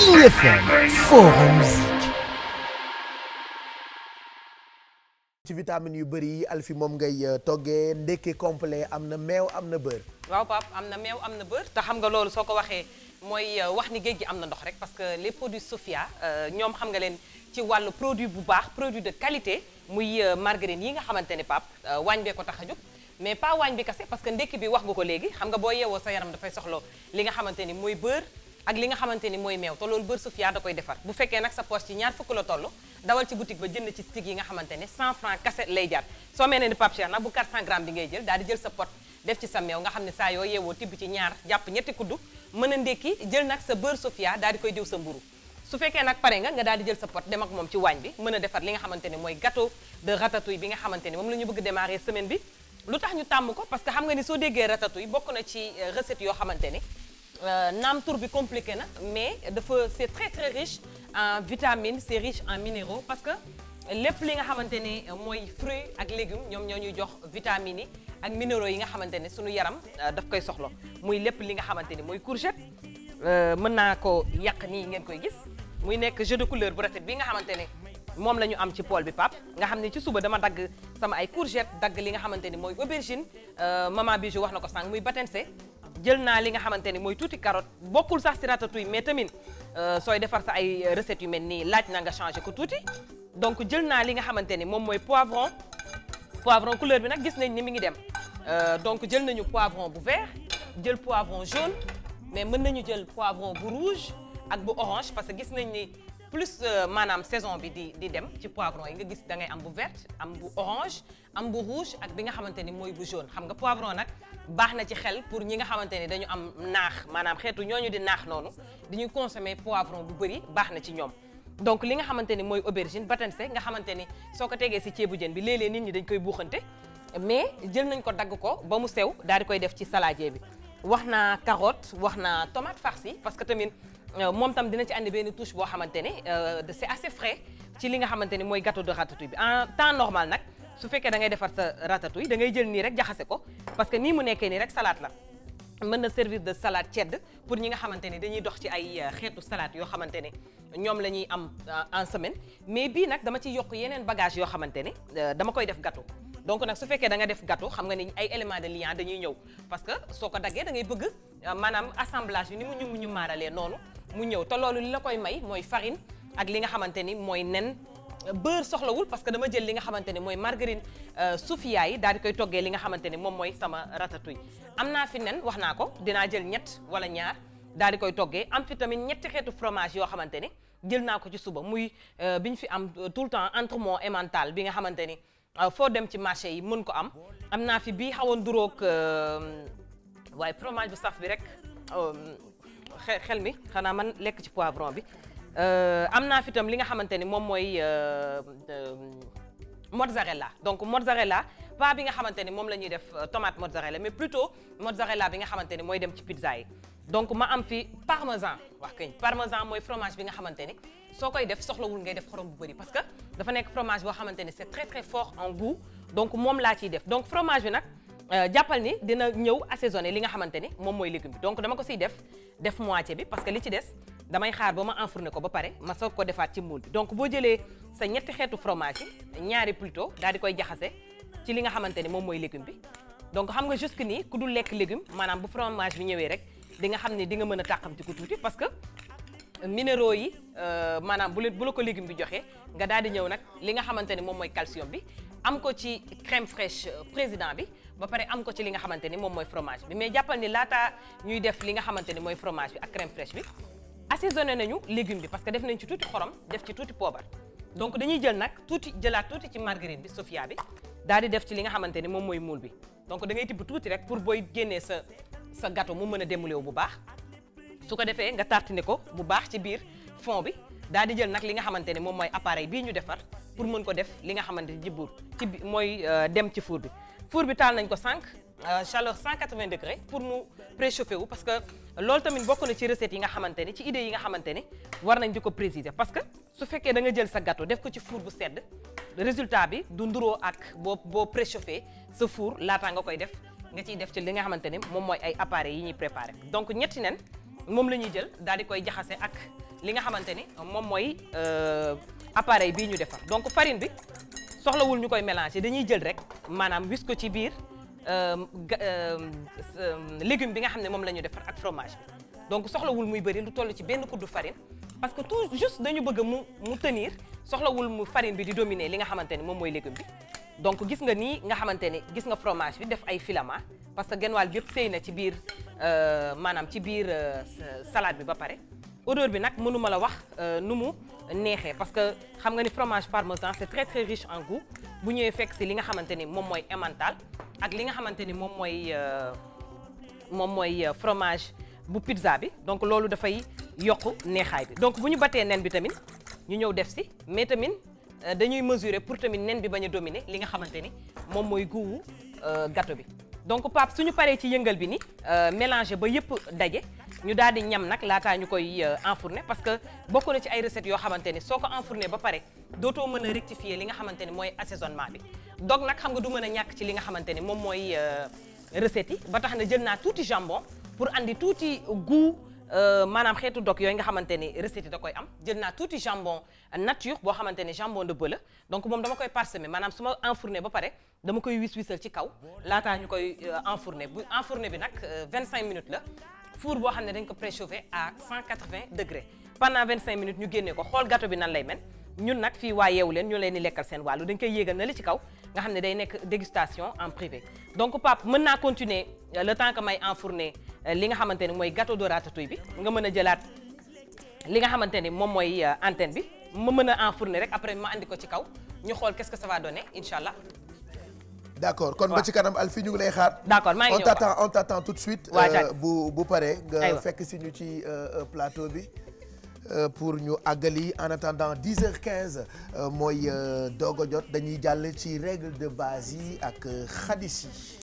ci vitamines yu bëri alfi moom ngay euh, toggee ndekki complet am na meew am na bër waaw pap am na meew am na beurre te xam nga loolu soo ko waxee mooy euh, wax ni géej gi am na ndox rek parce que les produits Sofia euh, ñoom xam nga leen ci wàllu produit bu baax produit de qualité muy margarine yi nga xamante ne pap waañ bee ko tax a jóg mais pas waañ bi kase parce que ndekki bi wax nga ko léegi xam nga boo yeewoo sa yaram dafay soxlo li nga xamante mooy beurre. ak li nga xamante ni mooy meew te loolu beurre Sofia da koy defar bu fekkee nag sa poche ci ñaar fukk la toll dawal ci boutique ba jënd ci stig yi nga xamante ne 100 francs kase lay jar soo mel ne ni jël daal di jël sa pot a ndékki jël nag sa mburu su fekkee nag pare nga nga daal di jël pot dem ak moom ci waañ a defar li ne mooy gâteau de ratatouille nga xamante ne moom la ñu bëgg démarrer semaine bi ñu tàmm ko parce que xam nga ni soo déggee ratatouille bokk na ci euh, recette yoo xamante ne Euh, naam tur bi compliqué na mais dafa c'est très très riche en vitamines c'est riche en minéraux parce que lépp li nga xamante ni mooy fruits ak légumes ñoom ñoo ñuy jox vitamines yi ak minéraux yi nga xamante ne sunu yaram euh, daf koy soxla muy lépp li nga xamante ni mooy courgette euh, mën naa ko yàq nii ngeen koy gis muy nekk jeu de couleur bu rafet bi nga xamante ne moom la ñu am ci pool bi pap nga xam ne ci suba dama dagg sama ay courgette dagg li nga xamante ni mooy aubergine maman Bijou wax na ko sànq muy batense jël naa li nga xamante ni mooy tuuti carotte bokkul sax si ratatouille mais tamit euh, sooy defar sa ay euh, recettes yu mel nii laaj na nga changé ko tuuti donc jël naa li nga xamante ni moom mooy poivron poivron couleur bi nag gis nañ ni mi ngi dem euh, donc jël nañu poivron bu vert jël poivron jaune mais mën nañu jël poivron bu rouge ak bu orange parce que gis nañ ni plus euh, maanaam saison bi di di dem ci poivron yi nga gis da ngay am bu verte am bu orange am bu rouge ak bi nga xamante ni mooy bu jaune xam nga poivron nag baax na ci xel pour ñi nga xamante ni dañu am naax maanaam xeetu ñooñu di naax noonu dañuy consommer poivron bu bëri baax na ci ñoom. donc li nga xamante ni mooy aubergine se nga xamante ni soo ko tegee si ceebu jën bi léeg-léeg nit ñi dañ koy buuxante mais jël nañ ko dagg ko ba mu sew daal di koy def ci saladier bi Euh, moom tam dina ci andi benn touche boo xamante ne euh, c' est ci li nga xamante ne mooy gâteau de ratatouille bi en temps normal nag su fekkee da ngay defar sa ratatouille da ngay jël nii rek jaxase ko parce que nii mu nekkee nii rek salade la. mën na service de salaat cedd pour ñi nga xamante ne dañuy dox ci ay euh, xeetu salaat yoo xamante ne ñoom la ñuy am en semaine mais bii nag dama ci yokk yeneen bagage yoo xamante ne dama koy def gâteau donc nag su fekkee danga def gâteau xam nga ni ay éléments de lien dañuy ñëw parce que soo ko daggee da ngay bëgg assemblage bi ni mu ñu mu ñu maaralee noonu mu ñëw te loolu li la koy may mooy farine ak li nga xamante ni mooy nen beurre soxlawul parce que dama jël li nga xamante ni mooy margarine euh, soufia yi daal di koy toggee li nga xamante ni moom mooy sama ratatouille am naa fi nen wax naa ko dinaa jël ñett wala ñaar daal di koy toggee am fi tamit ñetti xeetu fromage yoo xamante ni jël naa ko ci suba muy euh, bi ñu fi am euh, tout le temps entremont emmental bi nga xamante ni foo dem ci marché yi mën ko am am naa fi bi xawoon duroog waaye fromage bu saf bi rek xel mi xanaa man lekk ci poivron bi euh, am naa fi tam li nga xamante ni moom mooy euh, euh, mozzarella donc mozzarella pas bi nga xamante ni moom ñuy def tomate mozzarella mais plutôt mozzarella bi nga xamante ni mooy dem ci pizza yi donc ma am fi parmesan wax kañ parmesan mooy fromage bi nga xamante ni soo koy def soxlawul ngay def xorom bu bëri parce que dafa nekk fromage boo xamante ni c'est très très fort en goût donc moom laa ciy def donc fromage bi nag. Euh, jàppal ni dina ñëw assaisonné li nga xamante ni moom mooy légume bi donc dama ko siy def def moitié bi parce que li ci des damay xaar ba ma enfourné ko ba pare ma soog ko defaat ci moule bi donc boo jëlee sa ñetti xeetu fromage yi ñaari plutôt daal di koy jaxase ci li nga xamante ni moom mooy légume bi donc xam nga jusque nii ku dul lekk légume maanaam bu fromage bi ñëwee rek di nga xam ne di nga mën a tàqamti ko tuuti parce que minéraux yi euh, maanaam bu bu la ko légume bi joxee nga daal di ñëw nag li nga xamante ni moom mooy calcium bi am ko ci crème fraîche euh, président bi ba pare am ko ci li nga xamante ni moom mooy fromage bi mais jàppal ni laata ñuy def li nga xamante ni mooy fromage bi ak crème fraîche bi nañu légume bi parce que def nañ ci tuuti xorom def ci tuuti poobar donc dañuy jël nag tuuti jëlaat tuuti ci margarine bi sofia bi daal di ci li nga xamante ni moom mooy moule bi donc da ngay tibb tuuti rek pour booy génnee sa sa gâteau mu mën a démoulé wu bu baax su ko defee nga tartiner ko bu baax ci biir fond bi daal di jël nag li nga xamante ni moom mooy appareil bii ñu defar pour mën ko def li nga xamante ni ci buur ci mooy euh, dem ci four bi four bi taal nañ ko sànq euh, chaleur 180 degrés pour mu préchauffer wu parce que loolu tamit bokk na ci recette yi nga xamante ni ci idée yi nga xamante war nañ di ko préciser parce que su fekkee da nga jël sa gâteau def ko ci four bu sedd résultat bi du nduroo ak boo boo préchauffé sa four laataa nga koy def nga ciy def ci li nga xamante ni moom mooy ay appareils yi ñuy préparé donc ñetti nen moom la ñuy jël daal di koy jaxase ak li nga xamante ni moom mooy euh, appareil bii ñu defar soxlawul ñu koy mélanger dañuy jël rek maanaam wis ko ci biir euh, euh, euh, légume bi nga xam ne moom la ñu defar ak fromage bi donc soxlawul muy bëri lu toll ci benn kuddu farine parce que tout juste dañu bëgg mu mu tenir soxlawul mu farine bi di dominer li nga xamante ni moom mooy légume bi donc gis nga nii nga xamante ni gis nga fromage bi def ay filament parce que genn wàll yëpp sëy na ci biir maanaam ci biir salade bi ba pare odeur bi nag mënuma la wax nu mu neexee parce que xam nga ni fromage parmesan c'est très très riche en goût bu ñëwee fekk si li nga xamante ni moom mooy emmental ak li nga xamante ni moom mooy euh, moom mooy euh, fromage bu pizza bi donc loolu dafay yokk neexaay bi donc bu ñu batee nen bi tamit ñu ñëw def si mais tamit euh, dañuy mesurer pour tamit nen bi bañ a dominer li nga xamante ni moom mooy goût gato bi donc Pape suñu paree ci yëngal bi ni mélanger ba yëpp daje ñu daal di ñam nag laataa ñu koy euh, enfourner parce que bokk na ci ay recettes yoo xamante ni soo ko enfourner ba pare dootoo mën a rectifier li nga xamante ni mooy assaisonnement bi donc nag xam nga du mën a ñàkk ci li nga xamante ni moom mooy euh, recettes yi ba tax na jël naa tuuti jambon pour andi tuuti goût euh, maanaam xeetu dog yooyu nga xamante ni recette da koy am jël naa tuuti jambon nature boo xamante ni jambon de bœuf donc moom dama koy parsemer maanaam su ma enfourner ba pare dama koy wis ci kaw laataa ñu koy enfourner bu enfourner bi nag 25 minutes la four boo xam ne dañ ko préchauffé à 180 degrés pendant 25 minutes ñu génne ko xool gâteau bi nan lay mel ñun nag fii waa yeewu leen ñu leen di lekkal seen wàllu dañ koy yéegal na li ci kaw nga xam ne day nekk dégustation en privé donc Pape mën naa continuer euh, le temps que may enfourner euh, li nga xamante ne mooy gâteau de ratatouille bi nga mën a jëlaat li nga xamante ne moom mooy euh, antenne bi ma mën a enfourner rek après ma indi ko ci kaw ñu xool quest que ça va donner allah d' accord kon ba ci kanam Alfi ñu ngi lay xaar. d' accord maa ngi ñëw on t' attend on tout de suite. Euh, bu bu paree. nga fekk si ñu ci euh, euh, plateau bi. pour ñu àggali en attendant 10 h mooy doog a jot dañuy jàll ci règle de base yi ak xadis yi.